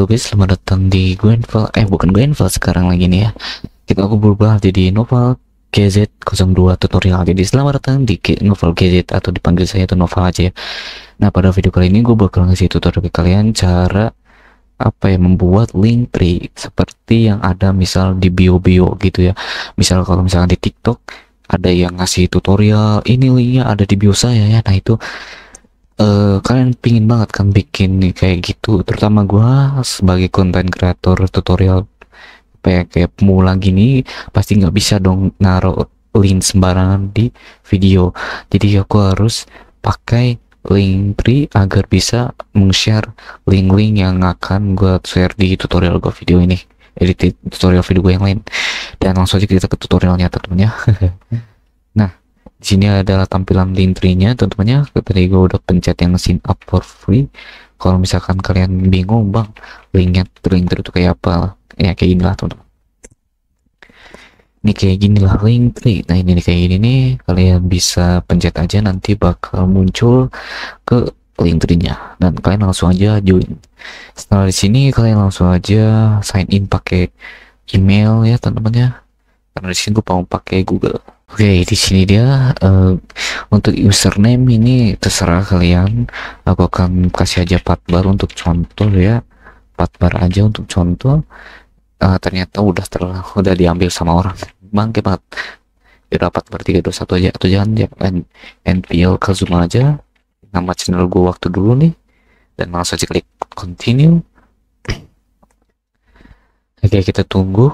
Halo guys, selamat datang di Gwenville Eh bukan Gwenville sekarang lagi nih ya Kita aku berubah jadi Novel GZ02 tutorial Jadi selamat datang di Novel GZ Atau dipanggil saya itu Novel aja ya Nah pada video kali ini gue bakal ngasih tutorial ke kalian Cara apa ya membuat link tree seperti yang ada misal di bio-bio gitu ya misal kalau misalnya di tiktok ada yang ngasih tutorial ini linknya ada di bio saya ya nah itu uh, kalian pingin banget kan bikin kayak gitu terutama gue sebagai konten kreator tutorial kayak kayak pemula gini pasti nggak bisa dong naruh link sembarangan di video jadi aku harus pakai link tree agar bisa meng-share link-link yang akan gue share di tutorial gue video ini edit tutorial video gue yang lain dan langsung aja kita ke tutorialnya tentunya Di sini adalah tampilan link tree-nya. Tentunya tadi gue udah pencet yang sign up for free. Kalau misalkan kalian bingung, bang, linknya link tree itu kayak apa? Ya kayak gini teman-teman. Ini kayak gini lah link tree. Nah ini kayak gini nih, kalian bisa pencet aja nanti bakal muncul ke link tree-nya dan kalian langsung aja join. Setelah di sini kalian langsung aja sign in pakai email ya teman-teman ya. Karena di sini gue mau pakai Google. Oke, okay, di sini dia uh, untuk username ini terserah kalian. Aku akan kasih aja patbar untuk contoh ya. Patbar aja untuk contoh. Uh, ternyata udah ter udah diambil sama orang. Bangke banget. Udah dua 321 aja atau jangan ya NPL Kazuma aja. Nama channel gua waktu dulu nih dan langsung aja klik continue. Oke, okay, kita tunggu.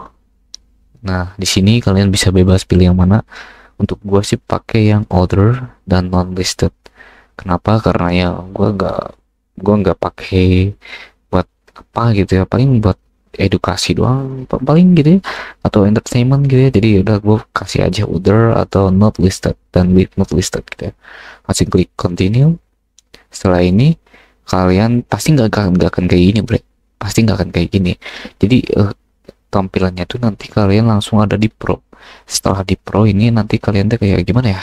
Nah, di sini kalian bisa bebas pilih yang mana. Untuk gue sih pakai yang order dan non listed. Kenapa? Karena ya gue nggak gue nggak pakai buat apa gitu ya. Paling buat edukasi doang paling gitu ya atau entertainment gitu ya jadi udah gue kasih aja order atau not listed dan with not listed gitu ya masih klik continue setelah ini kalian pasti nggak akan nggak akan kayak gini bre pasti nggak akan kayak gini jadi uh, tampilannya tuh nanti kalian langsung ada di pro setelah di pro ini nanti kalian tuh kayak gimana ya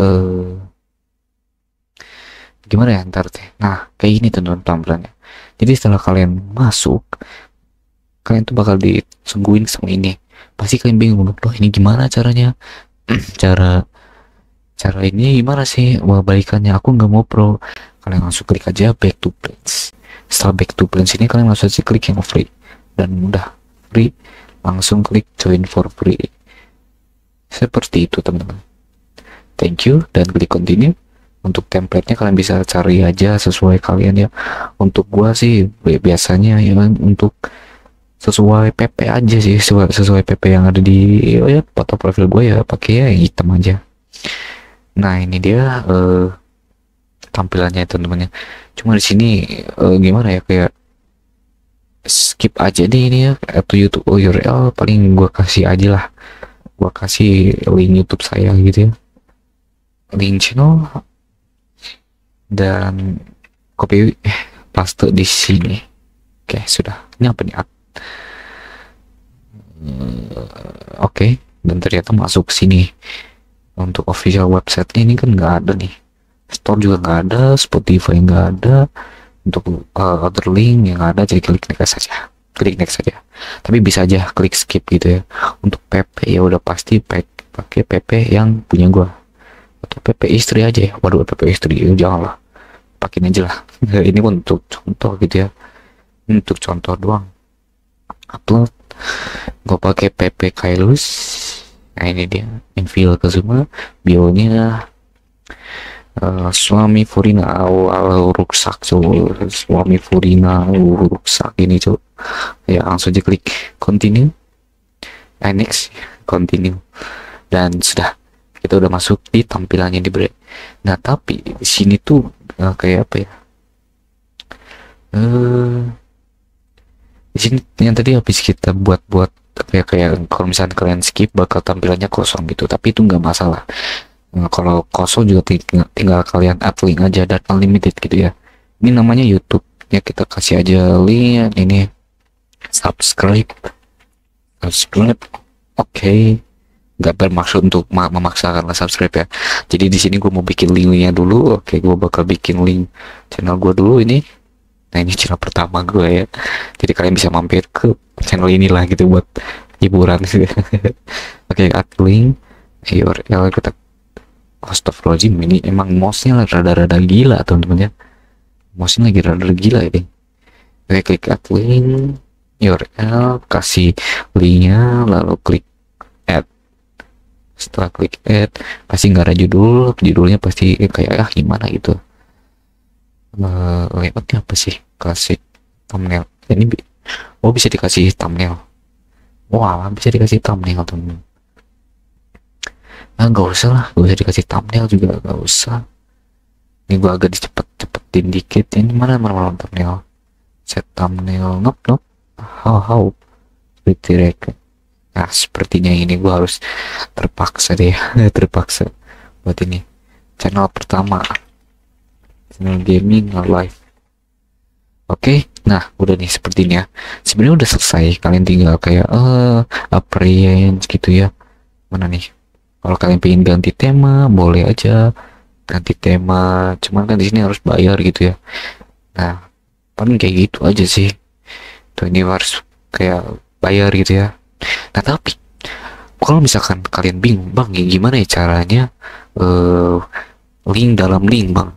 eh gimana ya ntar teh nah kayak ini teman tampilannya jadi setelah kalian masuk kalian tuh bakal disungguhin sama ini pasti kalian bingung loh ini gimana caranya cara cara ini gimana sih wah balikannya aku nggak mau pro kalian langsung klik aja back to plans setelah back to plans ini kalian langsung aja klik yang free dan mudah free langsung klik join for free seperti itu teman-teman thank you dan klik continue untuk templatenya kalian bisa cari aja sesuai kalian ya untuk gua sih biasanya ya kan untuk sesuai PP aja sih sesuai, sesuai PP yang ada di oh ya, foto profil gue ya pakai ya yang hitam aja nah ini dia uh, tampilannya teman-temannya cuma di sini uh, gimana ya kayak skip aja deh ini ya to YouTube URL paling gue kasih aja lah gue kasih link YouTube saya gitu ya link channel dan copy paste di sini oke sudah ini apa nih eh, oke okay. dan ternyata masuk sini untuk official website ini kan nggak ada nih store juga nggak ada Spotify nggak ada untuk uh, other link yang ada jadi klik next saja klik next saja tapi bisa aja klik skip gitu ya untuk PP ya udah pasti pakai PP yang punya gua atau PP istri aja ya waduh PP istri eh, janganlah pakai aja lah ini untuk contoh gitu ya untuk contoh doang upload gue pakai PP Kailus nah ini dia infill ke semua bionya Eh, suami Furina awal rusak cuy suami Furina oh, rusak ini cuy ya langsung klik continue eh, next continue dan sudah kita udah masuk di tampilannya di break nah tapi di sini tuh uh, kayak apa ya eh uh, di sini yang tadi habis kita buat-buat kayak kayak kalau misalnya kalian skip bakal tampilannya kosong gitu tapi itu nggak masalah Nah, kalau kosong juga tinggal, tinggal kalian add link aja data unlimited gitu ya. Ini namanya YouTube. Ya kita kasih aja link ini subscribe. Subscribe. Oke. Okay. Gak bermaksud untuk memaksa karena subscribe ya. Jadi di sini gue mau bikin linknya dulu. Oke, okay, gue bakal bikin link channel gue dulu ini. Nah ini channel pertama gue ya. Jadi kalian bisa mampir ke channel inilah gitu buat hiburan. Oke, okay, add link. Ayo, kita Astagfirullahaladzim ini emang mouse-nya rada-rada gila teman-teman ya mouse-nya lagi rada-rada gila ini oke klik add link URL kasih linknya lalu klik add setelah klik add pasti nggak ada judul judulnya pasti eh, kayak ah gimana gitu uh, layoutnya apa sih kasih thumbnail ini oh bisa dikasih thumbnail wah wow, bisa dikasih thumbnail teman-teman ah nggak usah lah nggak usah dikasih thumbnail juga nggak usah ini gua agak dicepet-cepetin dikit ini mana mana, mana thumbnail set thumbnail nop nop how how seperti mereka. nah sepertinya ini gua harus terpaksa deh terpaksa buat ini channel pertama channel gaming live oke okay? Nah, udah nih sepertinya. Sebenarnya udah selesai. Kalian tinggal kayak eh uh, appearance gitu ya. Mana nih? kalau kalian pengen ganti tema boleh aja ganti tema cuman kan di sini harus bayar gitu ya nah paling kayak gitu aja sih tuh ini harus kayak bayar gitu ya nah tapi kalau misalkan kalian bingung bang ya gimana ya caranya uh, link dalam link bang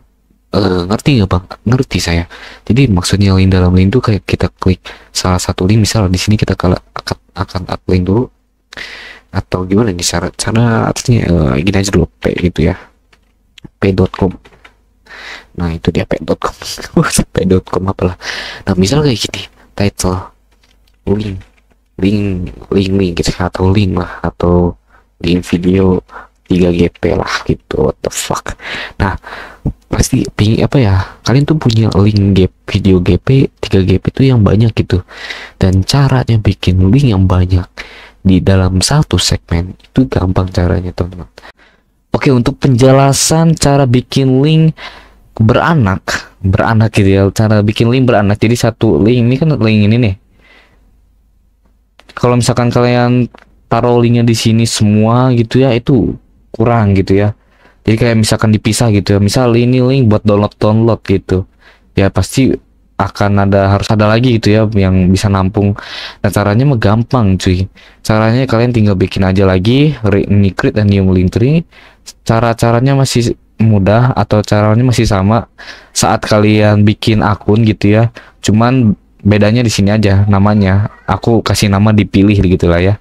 uh, ngerti nggak bang ngerti saya jadi maksudnya link dalam link itu kayak kita klik salah satu link misal di sini kita akan akan akan link dulu atau gimana nih syarat cara artinya uh, gini aja dulu p gitu ya p.com nah itu dia p.com p.com apalah nah misal kayak gini title link link link link gitu atau link lah atau link video 3GP lah gitu what the fuck nah pasti pingin apa ya kalian tuh punya link GP, video GP 3GP itu yang banyak gitu dan caranya bikin link yang banyak di dalam satu segmen itu gampang caranya teman-teman oke untuk penjelasan cara bikin link beranak beranak gitu ya cara bikin link beranak jadi satu link ini kan link ini nih kalau misalkan kalian taruh linknya di sini semua gitu ya itu kurang gitu ya jadi kayak misalkan dipisah gitu ya misal ini link buat download download gitu ya pasti akan ada harus ada lagi gitu ya yang bisa nampung. Nah caranya mah gampang cuy. Caranya kalian tinggal bikin aja lagi recreate dan new link tree. Cara-caranya masih mudah atau caranya masih sama saat kalian bikin akun gitu ya. Cuman bedanya di sini aja namanya. Aku kasih nama dipilih gitu lah ya.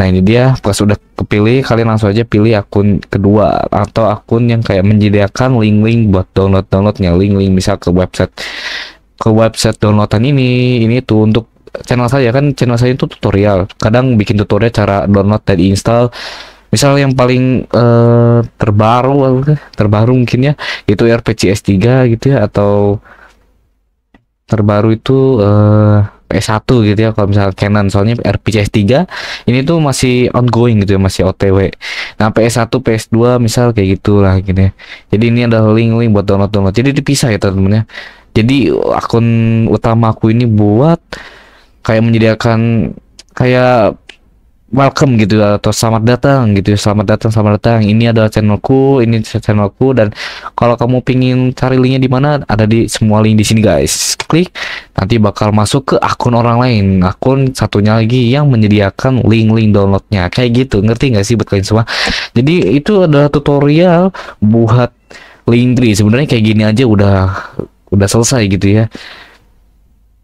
Nah ini dia pas sudah kepilih kalian langsung aja pilih akun kedua atau akun yang kayak menyediakan link-link buat download-downloadnya link-link misal ke website ke website downloadan ini ini tuh untuk channel saya kan channel saya itu tutorial kadang bikin tutorial cara download dan install misal yang paling uh, terbaru terbaru mungkin ya itu RPCS 3 gitu ya atau terbaru itu uh, PS1 gitu ya kalau misalnya Canon soalnya s 3 ini tuh masih ongoing gitu ya masih OTW nah PS1 PS2 misal kayak gitulah gitu ya jadi ini ada link-link buat download-download jadi dipisah ya temen-temen ya jadi akun utama aku ini buat kayak menyediakan kayak welcome gitu atau selamat datang gitu ya, selamat datang selamat datang ini adalah channelku ini channelku dan kalau kamu pingin cari linknya di mana ada di semua link di sini guys klik nanti bakal masuk ke akun orang lain akun satunya lagi yang menyediakan link-link downloadnya kayak gitu ngerti nggak sih buat kalian semua jadi itu adalah tutorial buat link tree sebenarnya kayak gini aja udah udah selesai gitu ya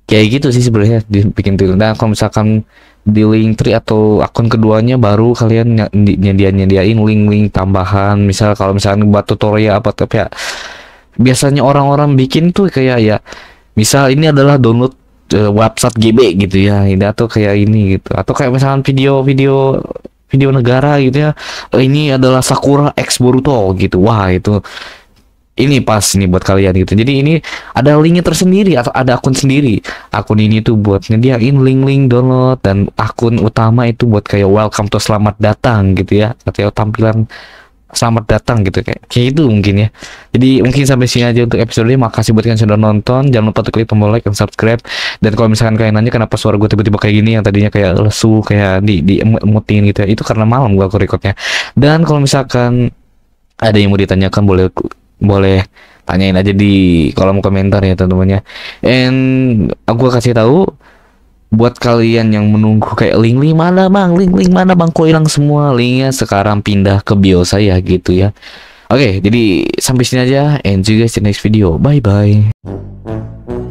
kayak gitu sih sebenarnya bikin tuh. nah kalau misalkan di link tree atau akun keduanya baru kalian nyediain nyediain link-link tambahan misal kalau misalkan buat tutorial apa tapi ya biasanya orang-orang bikin tuh kayak ya misal ini adalah download eh, website GB gitu ya ini atau kayak ini gitu atau kayak misalkan video-video video negara gitu ya oh, ini adalah Sakura X Boruto gitu wah itu ini pas nih buat kalian gitu. Jadi ini ada linknya tersendiri atau ada akun sendiri. Akun ini tuh buat nyediain link-link download dan akun utama itu buat kayak welcome to selamat datang gitu ya atau ya, tampilan selamat datang gitu kayak kayak itu mungkin ya. Jadi mungkin sampai sini aja untuk episode ini. Makasih buat kalian sudah nonton. Jangan lupa untuk klik tombol like dan subscribe. Dan kalau misalkan kalian nanya kenapa suara gue tiba-tiba kayak gini yang tadinya kayak lesu kayak di di mutin gitu ya. Itu karena malam gua aku recordnya. Dan kalau misalkan ada yang mau ditanyakan boleh boleh tanyain aja di kolom komentar ya teman-temannya. And aku kasih tahu buat kalian yang menunggu kayak link link mana bang, link link mana bang, kok hilang semua linknya sekarang pindah ke bio saya gitu ya. Oke, okay, jadi sampai sini aja and see you guys in next video. Bye bye.